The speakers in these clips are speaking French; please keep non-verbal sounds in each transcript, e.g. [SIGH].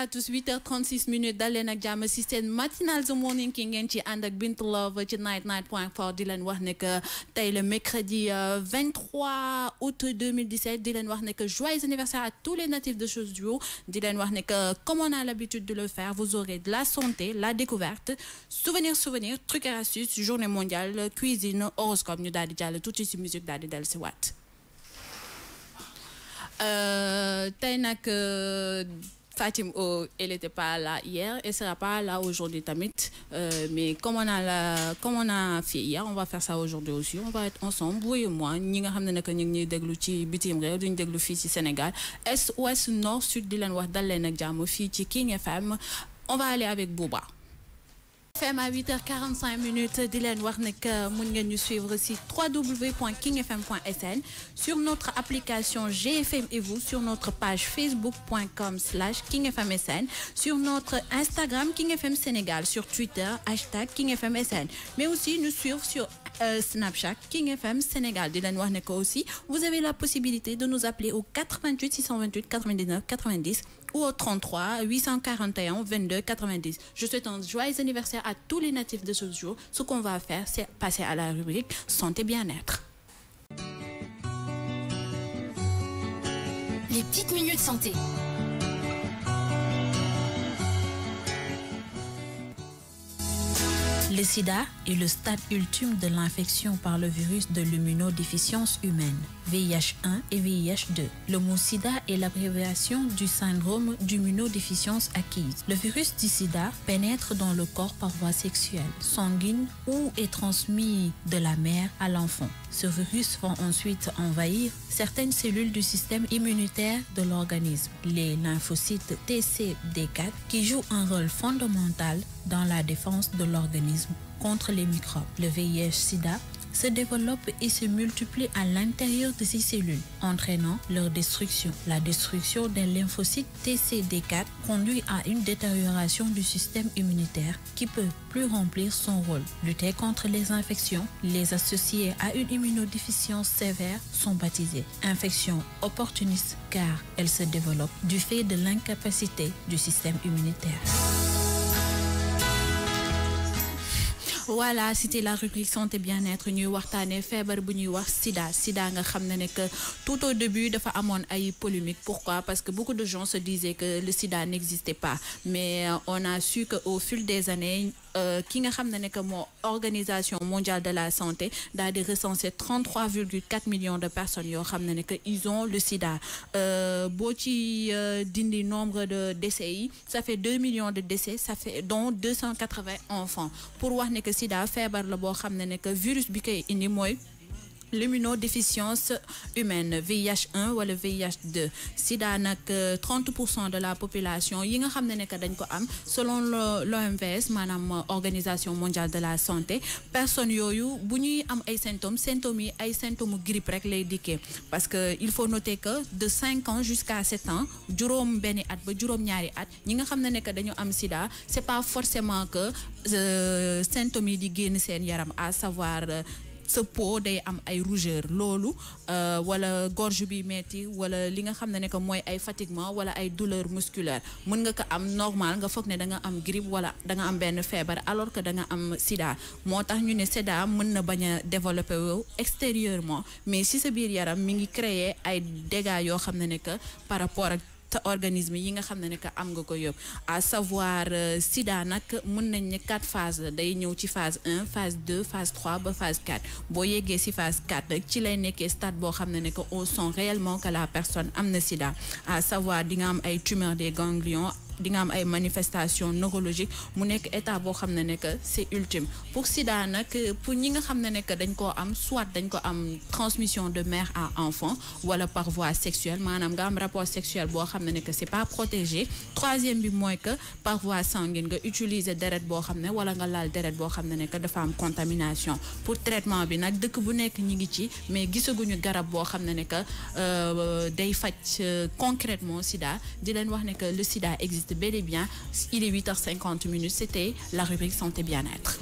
à tous 8h36 minutes d'Alena leen système matinal The Morning King qui est en train Love night night point four Dylan leen le mercredi 23 euh, août 2017 Dylan Warnick, joyeux anniversaire à tous les natifs de choses du haut Dylan comme on a l'habitude de le faire vous aurez de la santé la découverte souvenir souvenir truc et astuce journée mondiale cuisine horoscope ñu d'Adi tout tout ici musique d'Adi di dal si Fatim O, elle n'était pas là hier, elle ne sera pas là aujourd'hui, Tamit. Euh, mais comme on, a la, comme on a fait hier, on va faire ça aujourd'hui aussi. On va être ensemble, vous et moi. Nous savons que nous sommes ci bitim réew duñ déglu fii ci Sénégal est ouest nord sud de leen wax dal leen ak jàmm fii ci King FM on va aller avec Bouba FM à 8h45 minutes Dylan leen vous nous suivre aussi www.kingfm.sn sur notre application GFM et vous sur notre page facebook.com slash kingfmsn sur notre Instagram KingFM Sénégal sur Twitter hashtag KingFMSN mais aussi nous suivre sur euh, Snapchat kingfmsenegal. Sénégal de aussi vous avez la possibilité de nous appeler au 88 628 99 90 ou au 33 841 22 90. Je souhaite un joyeux anniversaire à tous les natifs de ce jour. Ce qu'on va faire, c'est passer à la rubrique santé bien-être. Les petites minutes santé. Le sida est le stade ultime de l'infection par le virus de l'immunodéficience humaine, VIH1 et VIH2. Le mot sida est l'abréviation du syndrome d'immunodéficience acquise. Le virus du sida pénètre dans le corps par voie sexuelle, sanguine ou est transmis de la mère à l'enfant. Ce virus va ensuite envahir certaines cellules du système immunitaire de l'organisme, les lymphocytes TCD4, qui jouent un rôle fondamental dans la défense de l'organisme contre les microbes. Le VIH-Sida se développent et se multiplient à l'intérieur de ces cellules, entraînant leur destruction. La destruction des lymphocytes TCD4 conduit à une détérioration du système immunitaire qui peut plus remplir son rôle. Lutter contre les infections, les associées à une immunodéficience sévère sont baptisées infections opportunistes car elles se développent du fait de l'incapacité du système immunitaire. voilà c'était la rubrique santé bien-être ñuy avons fait bu ñuy wax sida sida nga xamné nek tout au début dafa eu ay polémique pourquoi parce que beaucoup de gens se disaient que le sida n'existait pas mais euh, on a su que au fil des années euh, ki organisation mondiale de la santé a recensé 33,4 millions de personnes qui ils ont le sida euh, boo ci euh, nombre de décès ça fait 2 millions de décès ça fait dont 280 enfants pour voir que sida fait la virus bi indi l'immunodéficience humaine VIH1 ou le VIH2 sida que 30 de la population selon l'OMS l'organisation euh, mondiale de la santé personne n'a eu de symptômes symptômes symptômes grippe parce qu'il faut noter que de 5 ans jusqu'à 7 ans juróom ben at ba at c'est pas forcément que euh, symptômes di à savoir euh, sa peau day am ay rougeur loolu euh, wala gorge bi metti wala li nga xam ne ne que mooy ay fatiguement wala ay douleur musculaire mën nga ko am normal nga foog ne da nga am grippe wala danga am benn feebar alors que da nga am sida moo tax ñu ne sida mën na bañ a développer wu extérieurement mais si sa biir yaram mi ngi créer ay dégâts yoo xam ne ne que par rapport ak organisme yi nga xamné nek am nga ko yob à savoir euh, sida nak mën nañ ni 4 phases day ñew ci phase 1 phase 2 phase 3 ba phase 4 bo avez ci phase 4 ci lay nekké stade bo xamné nek on sent réellement que la personne une sida à savoir di nga am ay tumeur des ganglions di nga am ay manifestation neurologique mu nek état bo xam nek que c'est ultime pour sida nak pour ñi nga xam nek que dañ ko am soit dañ ko am transmission de mère à enfant wala par voie sexuelle manam nga am rapport sexuel bo xam ne que c'est pas protégé troisième bi moy que par voie sanguine nga utiliser deret bo xam wala nga lal deret bo xam ne que dafa am contamination pour traitement bi nak dëkk bu nek ñi ngi ci mais gisaguñu garab bo xam ne euh que day euh, concrètement sida di leen wax nek que le sida existe bel et bien. Il est 8h50 minutes. C'était la rubrique santé bien-être.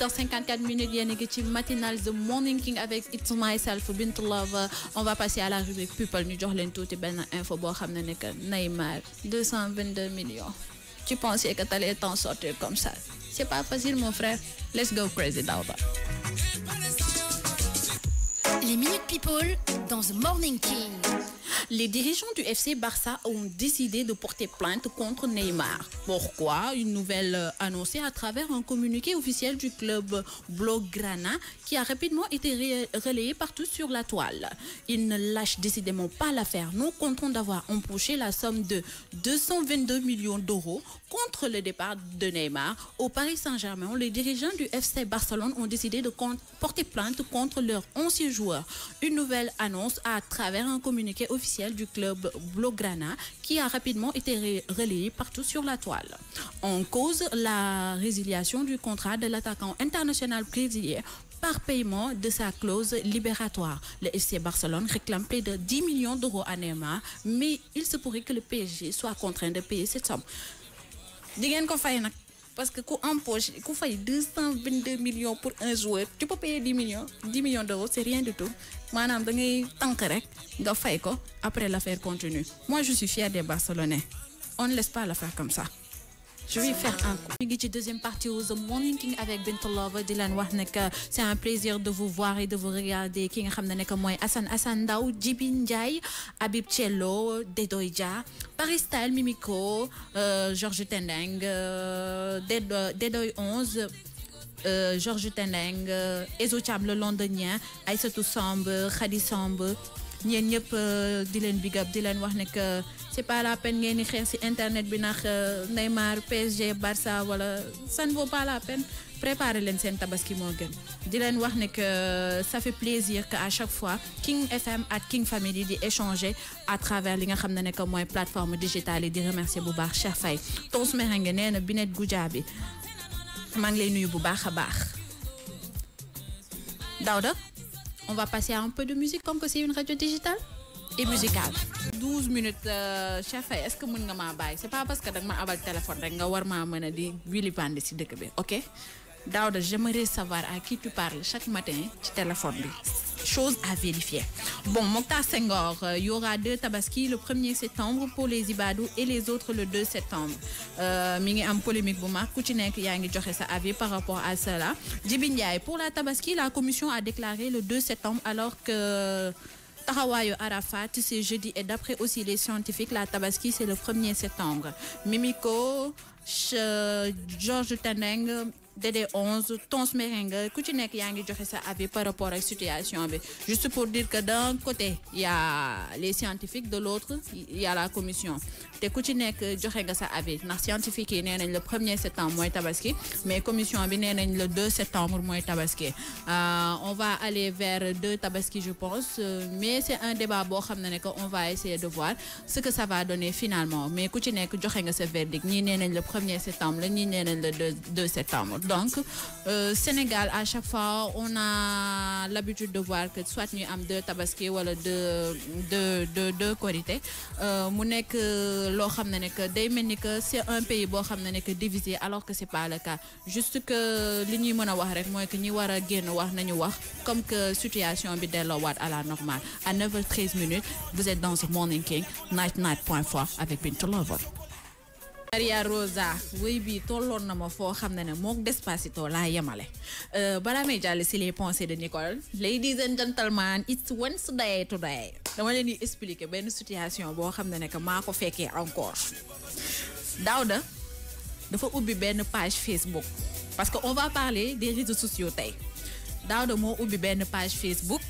54 minutes, il y a matinale The Morning King avec It's Myself, Bint Love. On va passer à la rubrique People. New tout et ben info. Neymar, 222 millions. Tu pensais que t'allais t'en sortir comme ça. C'est pas facile, mon frère. Let's go crazy, Dauba. Les Minutes People dans The Morning King les dirigeants du FC Barça ont décidé de porter plainte contre Neymar. Pourquoi Une nouvelle euh, annoncée à travers un communiqué officiel du club Blaugrana qui a rapidement été relayé partout sur la toile. Il ne lâche décidément pas l'affaire. Nous comptons d'avoir empoché la somme de 222 millions d'euros contre le départ de Neymar au Paris Saint-Germain, les dirigeants du FC Barcelone ont décidé de porter plainte contre leur ancien joueur. Une nouvelle annonce à travers un communiqué officiel du club Blaugrana qui a rapidement été relayé partout sur la toile. En cause, la résiliation du contrat de l'attaquant international brésilien par paiement de sa clause libératoire. Le FC Barcelone réclame plus de 10 millions d'euros à Neymar, mais il se pourrait que le PSG soit contraint de payer cette somme parce que quand empoche fay millions pour un joueur tu peux payer 10 millions 10 millions d'euros c'est rien du tout Maintenant, da ngay tant rek nga après l'affaire continue moi je suis fier des Barcelonais on ne laisse pas l'affaire comme ça je vais faire un coup ci deuxième partie aux The Morning King avec Bintou Love di leen c'est un plaisir de vous voir et de vous regarder ki nga xam ne nekk mooy Assane Assane Ndaw Jibi Habib Paris Style Mimiko euh, Georges Tendeng euh, euh, Dedoy 11 Georges Tendeng Ezo Thiam le londonien Aïssa Samb Khadi Samb ñeen ñëpp di leen big up di leen wax c'est pas la peine de di internet euh, Neymar PSG Barça ça ne vaut pas la peine préparer l'ancien tabaski Morgan. gën di dis que euh, ça fait plaisir que chaque fois King FM et King Family di à travers les nga digitales et plateforme digitale di remercier bu baax Faye Tons vous Binet bi lay nuyu bu on va passer à un peu de musique comme que c'est une radio digitale et musical. 12 minutes euh, chef, est-ce que mën nga maa Ce c'est pas parce que je suis abal téléphone rek nga war maa mën ok Daouda j'aimerais savoir à qui tu parles chaque matin ci téléphone chose à vérifier. Bon, Mokta Senghor, il euh, y aura deux Tabaski le 1er septembre pour les Ibadou et les autres le 2 septembre. Euh, Mingi en polémique Bouma, Koutinek Yangi sa avis par rapport à cela. Djibindiaï, pour la Tabaski, la commission a déclaré le 2 septembre alors que tahawai Arafat c'est jeudi et d'après aussi les scientifiques la tabaski c'est le 1er septembre Mimiko Georges Taneng DD 11 Tons Meringue ku Yangi nekk yaa par rapport à la situation juste pour dire que d'un côté il y a les scientifiques de l'autre il y a la commission Té ku ci nekk les nga sa avis 1 scientifique septembre mais tabaski mais commission bi le 2 septembre tabaski euh, on va aller vers deux tabaski je pense mais c'est un débat on va essayer de voir ce que ça va donner finalement mais Koutinek ci nekk nga ce verdict Ni le le septembre ni le 2 septembre donc, euh, Sénégal, à chaque fois, on a l'habitude de voir que soit nous avons deux tabaski ou deux, deux, qualités. Euh, euh, c'est un pays est divisé alors que ce n'est pas le cas. Juste que ce que nous avons que nous comme que la situation est à la normale. À 9h13 minutes, vous êtes dans Morning King, Night Night.4 avec Bintou Lover. Maria Rosa We be tolloon na ma un Despacito yamale. Euh, les pensées de Nicole ladies and gentlemen it's Wednesday today dama leen expliquer une situation qui xam ne que D'abord, il faut encore Daouda page Facebook parce que on va parler des réseaux sociaux D'abord, Daouda mo ubi page Facebook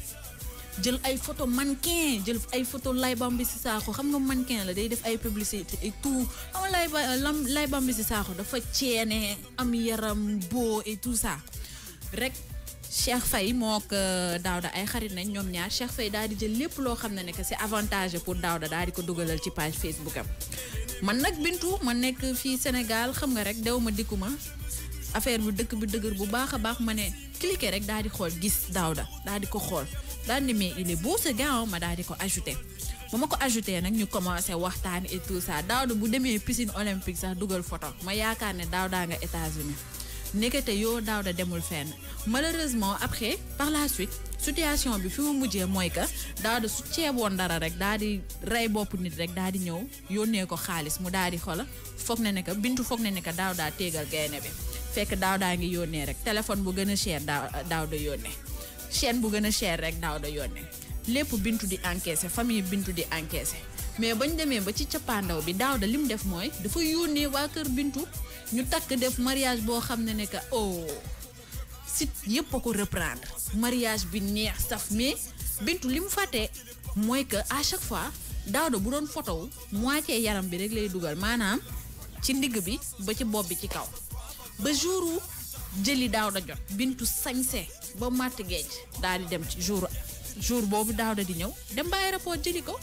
jël ay photo mannequin jël ay photo Laye Bambilor Sakho xam nga mannequin la day def ay publicité et tout xam nga Laye Bambilor Sakho dafa ceene am yaram beau et tout ça rek Cheikh Faye moo ko euh, Daouda ay xarit nañ ñoom ñaar Cheikh Faye daal di jël lépp loo xam ne ne que c'est avantage pour Daouda daal ko dugalal ci page Facebook am man nag Bintu ma nekk fii Sénégal xam nga rek dew ma dikku ma affaire bu dëkk bi dëgër bu baax a baax ma ne cliquer rek daal di xool gis Daouda daal di ko xool. dan ni mais il est beau ce gars hein. ma daal di ko ajouté ba ma ko ajouté nag ñu commencer waxtaan et tout ça daaw bu demee piscine olympique sax duggal photo ma yaakaar ne daaw nga États-Unis nekete yo daaw da demul fenn malheureusement après par la suite situation bi fi mu mujjé moy que daaw da su ceeboon dara rek daa ray bop nit rek daa ñew ñëw ko xaalis mu daa di xola foog na ne que bintu foog na ne que daaw daa téegal gaynde bi fekk daaw daa ngi yónnee rek téléphone bu gëna cher daaw daaw da yónnee chaîne bu gën a cher rek daaw da yónnee lépp bintu di encaissé famille bintu di encaissé mais ba bañ demee ba ci cappaandaw bi daaw da lim def mooy dafa yónnee waa kër bintu ñu takk def mariage boo xam ne ne que oh site yëpp a ko reprendre mariage bi neex saf mais bintu li mu fàttee mooy que à chaque fois daaw da bu doon photo moitié yaram bi rek lay dugal maanaam ci ndigg bi ba ci bopp bi ci kaw ba jouru jëli daaw jot bintu sañse ba matt geej daal di dem ci jour jour boobu Daouda di ñëw dem ba aéroport jëli ko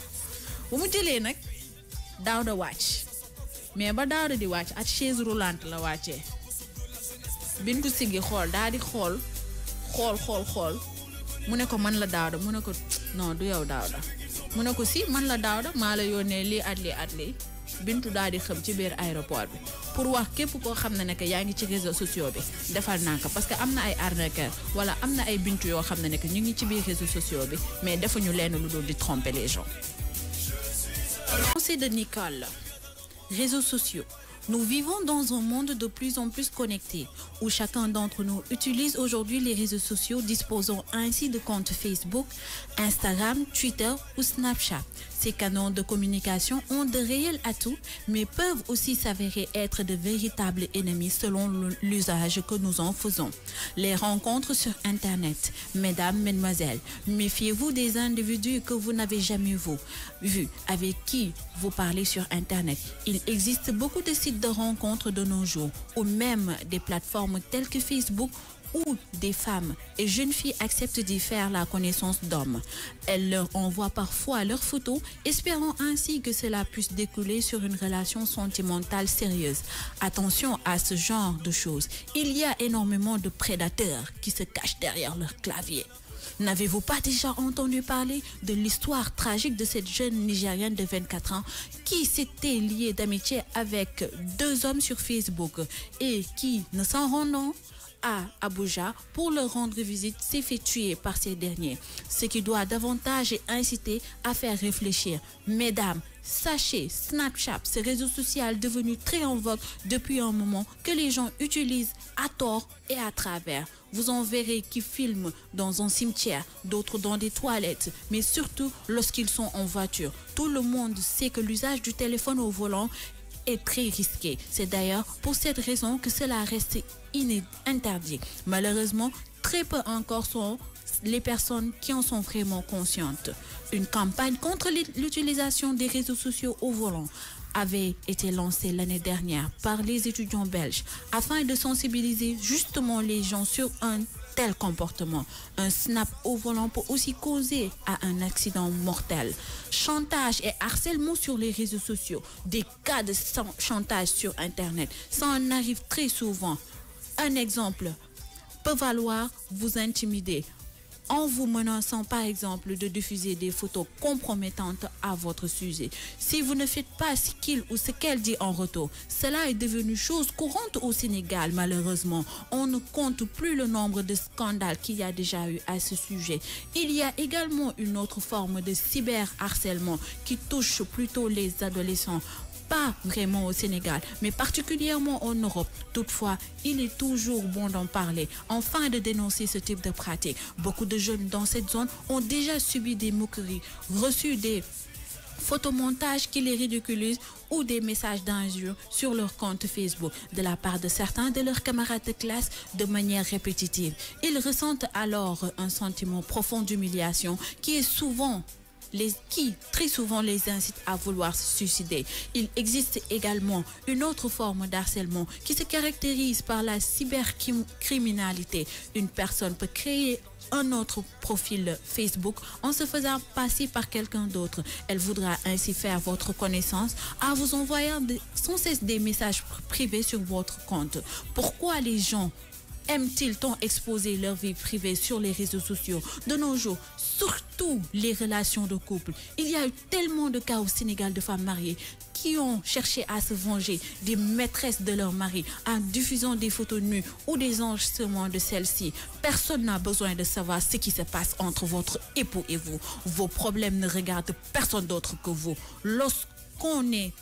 bu mu jëlee nag Daouda wàcc mais ba Daouda di wàcc at chaise roulante la wàccee bintu siggi xool daal di xool xool xool xool mu ne ko man la Daouda mu ne ko non du yow Daouda mu ne ko si man la daaw da maa la yónnee lii at lii at lii bintu daal di ci biir aéroport bi pour wax képp koo xam ne nekk yaa ci réseaux sociaux bi defal naa ko parce que am na ay arnaqueur wala am na ay bintu yoo xam ne nekk ñu ngi ci biir réseaux sociaux bi mais defuñu leen lu dul di tromper les gens. conseil de Nicole. Réseaux sociaux. Nous vivons dans un monde de plus en plus connecté, où chacun d'entre nous utilise aujourd'hui les réseaux sociaux disposant ainsi de comptes Facebook, Instagram, Twitter ou Snapchat, ces canons de communication ont de réels atouts, mais peuvent aussi s'avérer être de véritables ennemis selon l'usage que nous en faisons. Les rencontres sur Internet. Mesdames, mesdemoiselles, méfiez-vous des individus que vous n'avez jamais vus, avec qui vous parlez sur Internet. Il existe beaucoup de sites de rencontres de nos jours, ou même des plateformes telles que Facebook où des femmes et jeunes filles acceptent d'y faire la connaissance d'hommes. Elles leur envoient parfois leurs photos, espérant ainsi que cela puisse découler sur une relation sentimentale sérieuse. Attention à ce genre de choses. Il y a énormément de prédateurs qui se cachent derrière leur clavier. N'avez-vous pas déjà entendu parler de l'histoire tragique de cette jeune Nigérienne de 24 ans qui s'était liée d'amitié avec deux hommes sur Facebook et qui, ne s'en rendant à Abuja pour leur rendre visite tuer par ces derniers, ce qui doit davantage inciter à faire réfléchir. Mesdames, sachez Snapchat, ce réseau social devenu très en vogue depuis un moment que les gens utilisent à tort et à travers. Vous en verrez qui filment dans un cimetière, d'autres dans des toilettes, mais surtout lorsqu'ils sont en voiture. Tout le monde sait que l'usage du téléphone au volant est très risqué. C'est d'ailleurs pour cette raison que cela reste interdit. Malheureusement, très peu encore sont les personnes qui en sont vraiment conscientes. Une campagne contre l'utilisation des réseaux sociaux au volant avait été lancée l'année dernière par les étudiants belges afin de sensibiliser justement les gens sur un tel comportement. Un snap au volant peut aussi causer à un accident mortel. Chantage et harcèlement sur les réseaux sociaux. Des cas de chantage sur Internet. Ça en arrive très souvent. Un exemple peut valoir vous intimider en vous menaçant par exemple de diffuser des photos compromettantes à votre sujet. Si vous ne faites pas ce qu'il ou ce qu'elle dit en retour, cela est devenu chose courante au Sénégal malheureusement. On ne compte plus le nombre de scandales qu'il y a déjà eu à ce sujet. Il y a également une autre forme de cyberharcèlement qui touche plutôt les adolescents pas vraiment au Sénégal, mais particulièrement en Europe. Toutefois, il est toujours bon d'en parler, enfin de dénoncer ce type de pratique. Beaucoup de jeunes dans cette zone ont déjà subi des moqueries, reçu des photomontages qui les ridiculisent ou des messages d'injures sur leur compte Facebook de la part de certains de leurs camarades de classe de manière répétitive. Ils ressentent alors un sentiment profond d'humiliation qui est souvent les, qui très souvent les incite à vouloir se suicider. Il existe également une autre forme d'harcèlement qui se caractérise par la cybercriminalité. Une personne peut créer un autre profil Facebook en se faisant passer par quelqu'un d'autre. Elle voudra ainsi faire votre connaissance en vous envoyant sans cesse des messages privés sur votre compte. Pourquoi les gens aiment-ils tant exposer leur vie privée sur les réseaux sociaux De nos jours, surtout les relations de couple. Il y a eu tellement de cas au Sénégal de femmes mariées qui ont cherché à se venger des maîtresses de leur mari en diffusant des photos nues ou des enregistrements de celles-ci. Personne n'a besoin de savoir ce qui se passe entre votre époux et vous. Vos problèmes ne regardent personne d'autre que vous. Lorsque qu'on est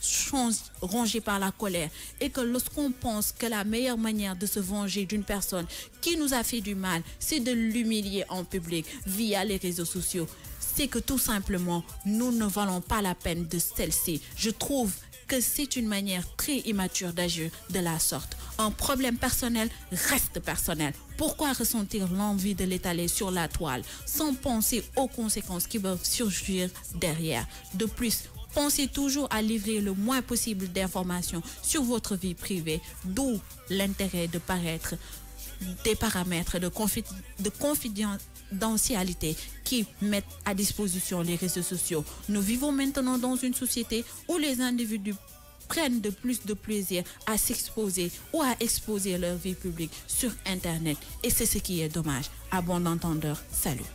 rongé par la colère et que lorsqu'on pense que la meilleure manière de se venger d'une personne qui nous a fait du mal, c'est de l'humilier en public via les réseaux sociaux, c'est que tout simplement, nous ne valons pas la peine de celle-ci. Je trouve que c'est une manière très immature d'agir de la sorte. Un problème personnel reste personnel. Pourquoi ressentir l'envie de l'étaler sur la toile sans penser aux conséquences qui peuvent surgir derrière De plus, Pensez toujours à livrer le moins possible d'informations sur votre vie privée, d'où l'intérêt de paraître des paramètres de, confidentialité qui mettent à disposition les réseaux sociaux. Nous vivons maintenant dans une société où les individus prennent de plus de plaisir à s'exposer ou à exposer leur vie publique sur Internet. Et c'est ce qui est dommage. À bon entendeur, salut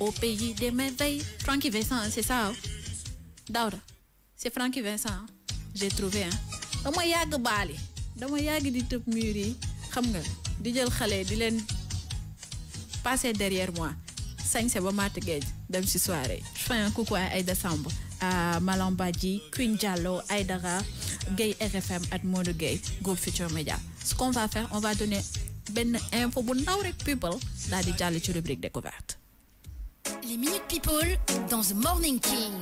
au pays des merveilles. Francky Vincent, hein, c'est ça. Hein? c'est Francky Vincent. Hein? J'ai trouvé. un mon moyen de dama yàgg di de tout muri, comme nga di jël xale di l'en passer derrière moi 5 septembre matt géej dem si soirée je fais un coucou à Aïda à Malambadi, Queen Jalo, Aïdara Gay RFM at Modou Go go future media ce qu'on va faire on va donner une info bu ndaw rek people daal di jàll ci rubrique découverte. les minutes people dans The Morning King.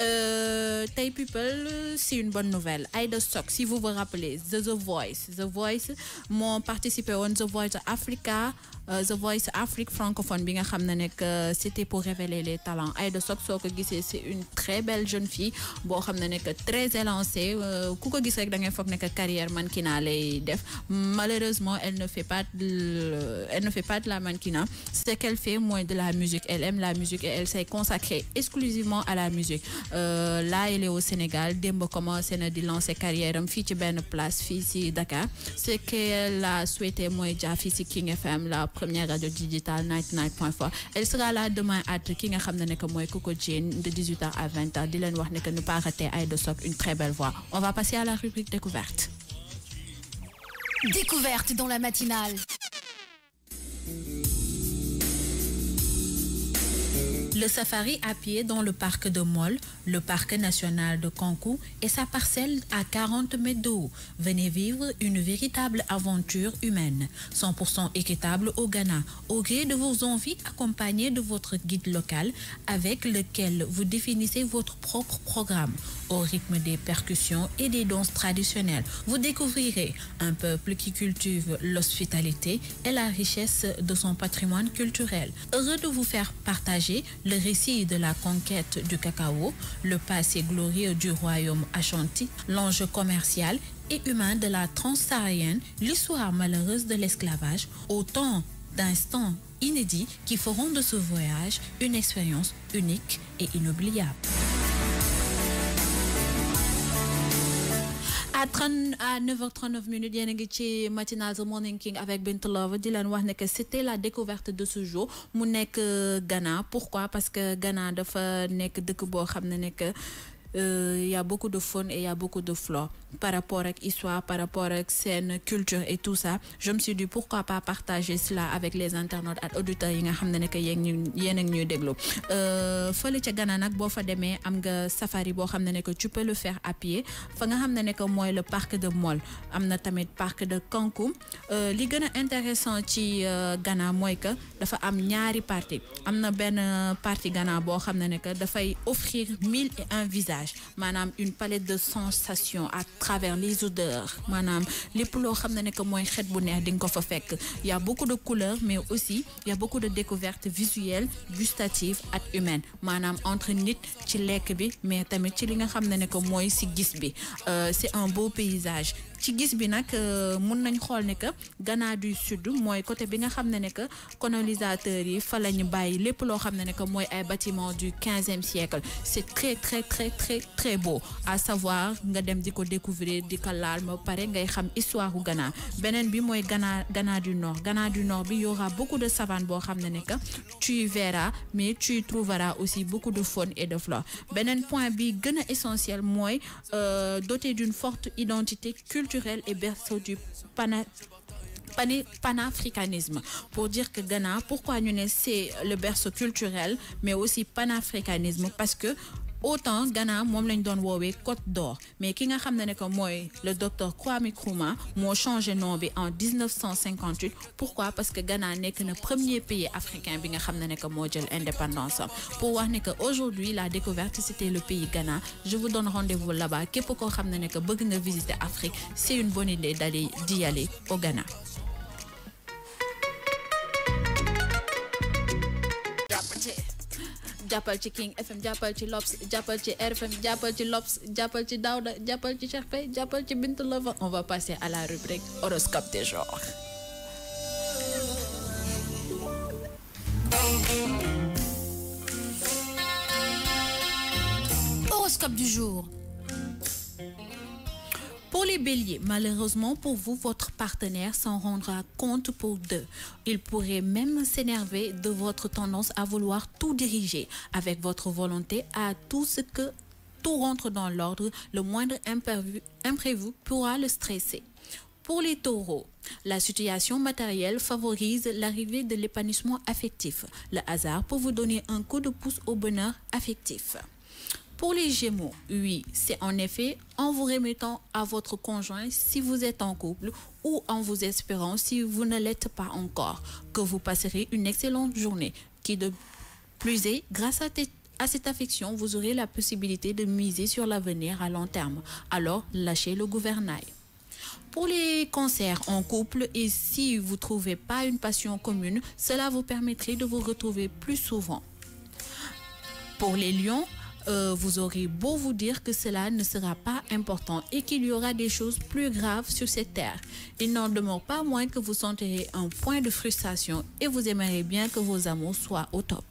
Euh, Tay People, c'est une bonne nouvelle. Aida Stock, si vous vous rappelez, The, Voice. The Voice m'ont participé à The Voice Africa. Euh, The Voice Afrique francophone euh, c'était pour révéler les talents Aïda Sok c'est une très belle jeune fille très élancée euh, ko carrière malheureusement elle ne fait pas elle ne fait pas de la mannequin ce qu'elle fait moins de la musique elle aime la musique et elle s'est consacrée exclusivement à la musique là elle est au Sénégal a commencé à di lancer carrière fi place Dakar ce qu'elle a souhaité moins déjà fi ci King FM première radio digitale 99.4 elle sera là demain à ki nga xam de 18h à 20h Dylan wax ne ne pas rater Aïdo Sok, une très belle voix on va passer à la rubrique découverte découverte dans la matinale Le safari à pied dans le parc de Moll, le parc national de Kankou et sa parcelle à 40 mètres d'eau, Venez vivre une véritable aventure humaine, 100% équitable au Ghana, au gré de vos envies accompagnées de votre guide local avec lequel vous définissez votre propre programme au rythme des percussions et des danses traditionnelles. Vous découvrirez un peuple qui cultive l'hospitalité et la richesse de son patrimoine culturel. Heureux de vous faire partager le récit de la conquête du cacao, le passé glorieux du royaume Ashanti, l'enjeu commercial et humain de la transsaharienne, l'histoire malheureuse de l'esclavage, autant d'instants inédits qui feront de ce voyage une expérience unique et inoubliable. à à 9h39 minutes y a ngi ci matinal The Morning King avec Bintou Love di wax que c'était la découverte de ce jour mu nek euh, Ghana pourquoi parce que Ghana dafa nekk dëkk boo xam ne il euh, y a beaucoup de faune et il y a beaucoup de flore par rapport à l'histoire, par rapport à scène, culture et tout ça. Je me suis dit pourquoi pas partager cela avec les internautes les auditeurs yi nga xam ne ne que yéen yéen ak ñuy déglu euh, fële Ghana nag boo fa demee am safari tu peux le faire à pied fa nga xam ne le parc de Mol am parc de Cancun. Ce qui est intéressant ci euh, Ghana c'est que dafa am ñaari parti am na benn parti Ghana boo xam ne offrir mille et un visages une palette de sensations à travers les odeurs Manam, lépp loo xam ne que mooy xet bu neex di ko fa fekk y a beaucoup de couleurs mais aussi il y a beaucoup de découvertes visuelles gustatives et humaines Manam, entre nit ci lekk bi mais tamit ci li nga xam ne ne que mooy si gis bi euh, c'est un beau paysage ci gis bi nag euh, mun nañ xol ne que Ghana du Sud moy côté bi nga xamné ne que colonisateur yi fa la ñu bàyyi lépp loo xam ne ne que mooy ay bâtiments du 15e siècle c'est très très très très très beau à savoir nga dem diko découvrir découvrir des ko laal il xam histoire Ghana benen bi Ghana Ghana du Nord Ghana du Nord bi y aura beaucoup de savane tu verras mais tu trouveras aussi beaucoup de faune et de flore benen point bi gëna essentiel euh, doté d'une forte identité culturelle et berceau du pana panafricanisme. Pour dire que Ghana, pourquoi nous c'est le berceau culturel, mais aussi panafricanisme, parce que autant Ghana mom lañ doon wowe Côte d'Or mais ki nga xamné ne ko que le docteur Kwame Nkrumah a changé nom bi en 1958 pourquoi parce que Ghana que le premier pays africain bi nga xamné ne indépendance pour wax né que aujourd'hui la découverte c'était le pays Ghana je vous donne rendez-vous là-bas képp vous xamné ne que bëgg nga visiter Afrique c'est une bonne idée d'aller d'y aller au Ghana jàppal ci King FM jàppal ci Lops jàppal ci RFM jàppal ci Lops jàppal ci Daouda jàppal ci Cheikh fay jàppal ci bint Lova on va passer à la rubrique horoscope des jours. horoscope du jour les béliers, malheureusement pour vous, votre partenaire s'en rendra compte pour deux. Il pourrait même s'énerver de votre tendance à vouloir tout diriger avec votre volonté à tout ce que tout rentre dans l'ordre. Le moindre imprévu, imprévu pourra le stresser. Pour les taureaux, la situation matérielle favorise l'arrivée de l'épanouissement affectif. Le hasard peut vous donner un coup de pouce au bonheur affectif. Pour les Gémeaux, oui, c'est en effet en vous remettant à votre conjoint si vous êtes en couple ou en vous espérant si vous ne l'êtes pas encore que vous passerez une excellente journée qui de plus est grâce à cette affection, vous aurez la possibilité de miser sur l'avenir à long terme. Alors, lâchez le gouvernail. Pour les concerts en couple, et si vous ne trouvez pas une passion commune, cela vous permettrait de vous retrouver plus souvent. Pour les lions, euh, vous aurez beau vous dire que cela ne sera pas important et qu'il y aura des choses plus graves sur cette terre. Il n'en demeure pas moins que vous sentirez un point de frustration et vous aimerez bien que vos amours soient au top.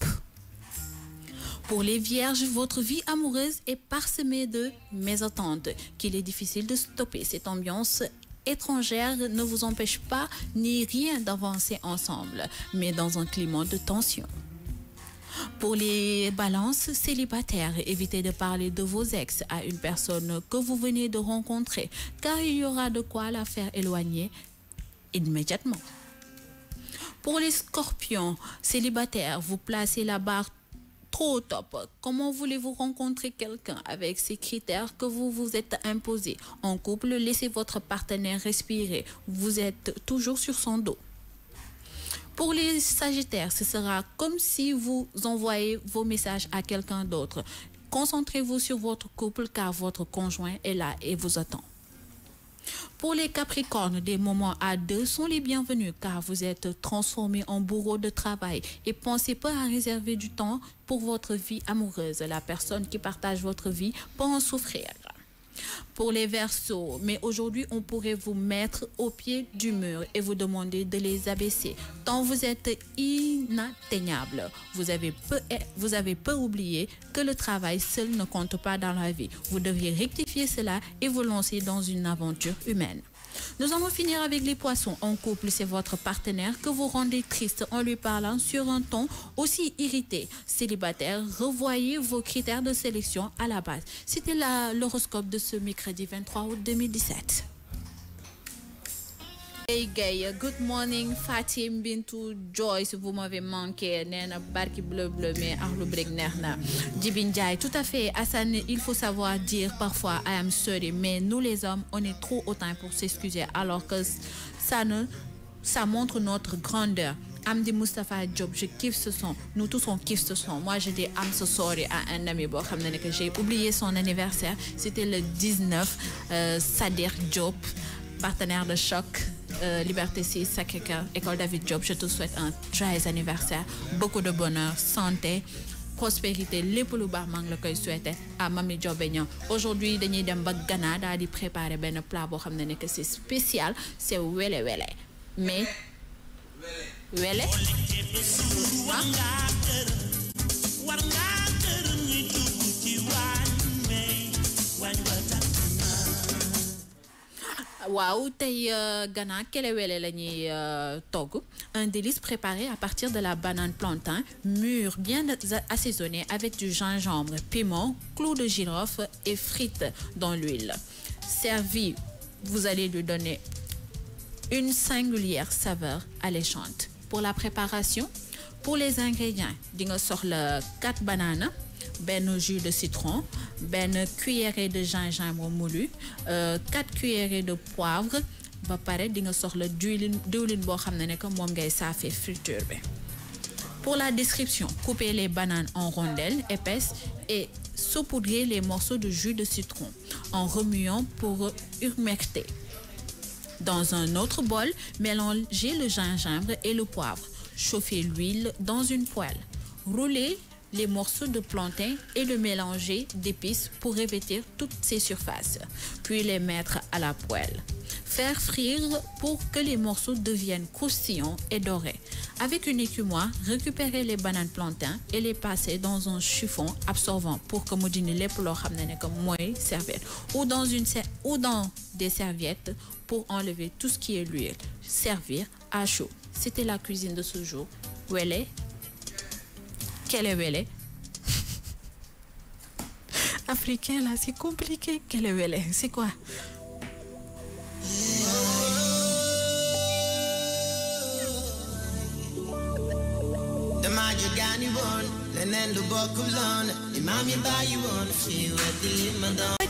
Pour les vierges, votre vie amoureuse est parsemée de mésententes qu'il est difficile de stopper. Cette ambiance étrangère ne vous empêche pas ni rien d'avancer ensemble, mais dans un climat de tension. Pour les balances célibataires, évitez de parler de vos ex à une personne que vous venez de rencontrer, car il y aura de quoi la faire éloigner immédiatement. Pour les scorpions célibataires, vous placez la barre trop top. Comment voulez-vous rencontrer quelqu'un avec ces critères que vous vous êtes imposés En couple, laissez votre partenaire respirer. Vous êtes toujours sur son dos. Pour les Sagittaires, ce sera comme si vous envoyez vos messages à quelqu'un d'autre. Concentrez-vous sur votre couple car votre conjoint est là et vous attend. Pour les Capricornes, des moments à deux sont les bienvenus car vous êtes transformés en bourreau de travail et pensez pas à réserver du temps pour votre vie amoureuse. La personne qui partage votre vie peut en souffrir pour les versos. Mais aujourd'hui, on pourrait vous mettre au pied du mur et vous demander de les abaisser. Tant vous êtes inatteignable. Vous avez peu, eh, vous avez peu oublié que le travail seul ne compte pas dans la vie. Vous devriez rectifier cela et vous lancer dans une aventure humaine. Nous allons finir avec les poissons. En couple, c'est votre partenaire que vous rendez triste en lui parlant sur un ton aussi irrité. Célibataire, revoyez vos critères de sélection à la base. C'était l'horoscope de ce mercredi 23 août 2017. Hey gay, uh, good morning Fatim Bintou Joyce, vous m'avez manqué. Nena Barki Bleu Bleu, mais Arlo ah, Bregnerna. Djibin tout à fait. Hassan, il faut savoir dire parfois I am sorry, mais nous les hommes, on est trop hautain pour s'excuser alors que ça, ne, ça montre notre grandeur. Amdi Mustafa Job, je kiffe ce son. Nous tous, on kiffe ce son. Moi, j'ai dit I'm so sorry à un ami que j'ai oublié son anniversaire. C'était le 19, euh, Sadir Job, partenaire de choc. Euh, Liberté 6, Sacré-Cœur, École David Job, je te souhaite un très anniversaire, beaucoup de bonheur, santé, prospérité lépp lu baax le ngi à Mami Job aujourd'hui dañuy dem ba Ghana daal di préparer un plat pour xam que c'est spécial c'est wele wele mais wele ah un délice préparé à partir de la banane plantain hein. mûre bien assaisonnée avec du gingembre piment clou de girofle et frites dans l'huile servi vous allez lui donner une singulière saveur alléchante pour la préparation pour les ingrédients di nga le quatre bananes au jus de citron une cuillerée de gingembre moulu 4 euh, cuillerées de poivre ba ngay friture Pour la description, coupez les bananes en rondelles épaisses et saupoudrez les morceaux de jus de citron en remuant pour humecter. Dans un autre bol, mélangez le gingembre et le poivre. Chauffez l'huile dans une poêle. Roulez les morceaux de plantain et le mélanger d'épices pour revêtir toutes ces surfaces, puis les mettre à la poêle. Faire frire pour que les morceaux deviennent croustillants et dorés. Avec une écumoire, récupérer les bananes plantain et les passer dans un chiffon absorbant pour que vous les les ramener comme moyen serviette ou dans une ou dans des serviettes pour enlever tout ce qui est l'huile. Servir à chaud. C'était la cuisine de ce jour. où elle est est. [LAUGHS] Africain là, c'est compliqué. Kelewele, c'est quoi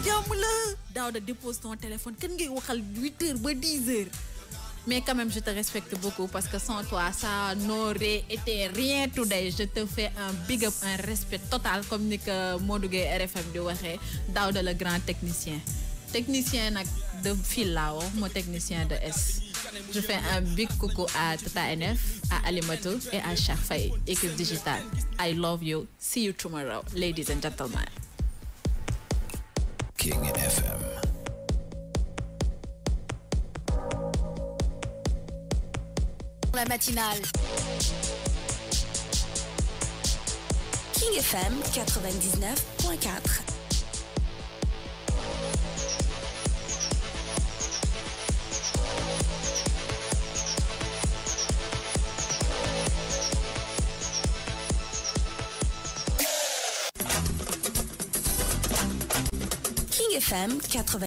jàmm la daaw da dépose ton téléphone kan ngay waxal 8 h ba 10 h mais quand même, je te respecte beaucoup parce que sans toi, ça n'aurait été rien today. Je te fais un big up, un respect total comme ni que RFM de waxee daaw le grand technicien. Technicien de fil là oh. technicien de S. Je fais un big coucou à Tata NF, à Alimoto et à Charfaye, équipe digitale. I love you. See you tomorrow, ladies and gentlemen. King FM. la matinale. King FM 99.4. King FM 80.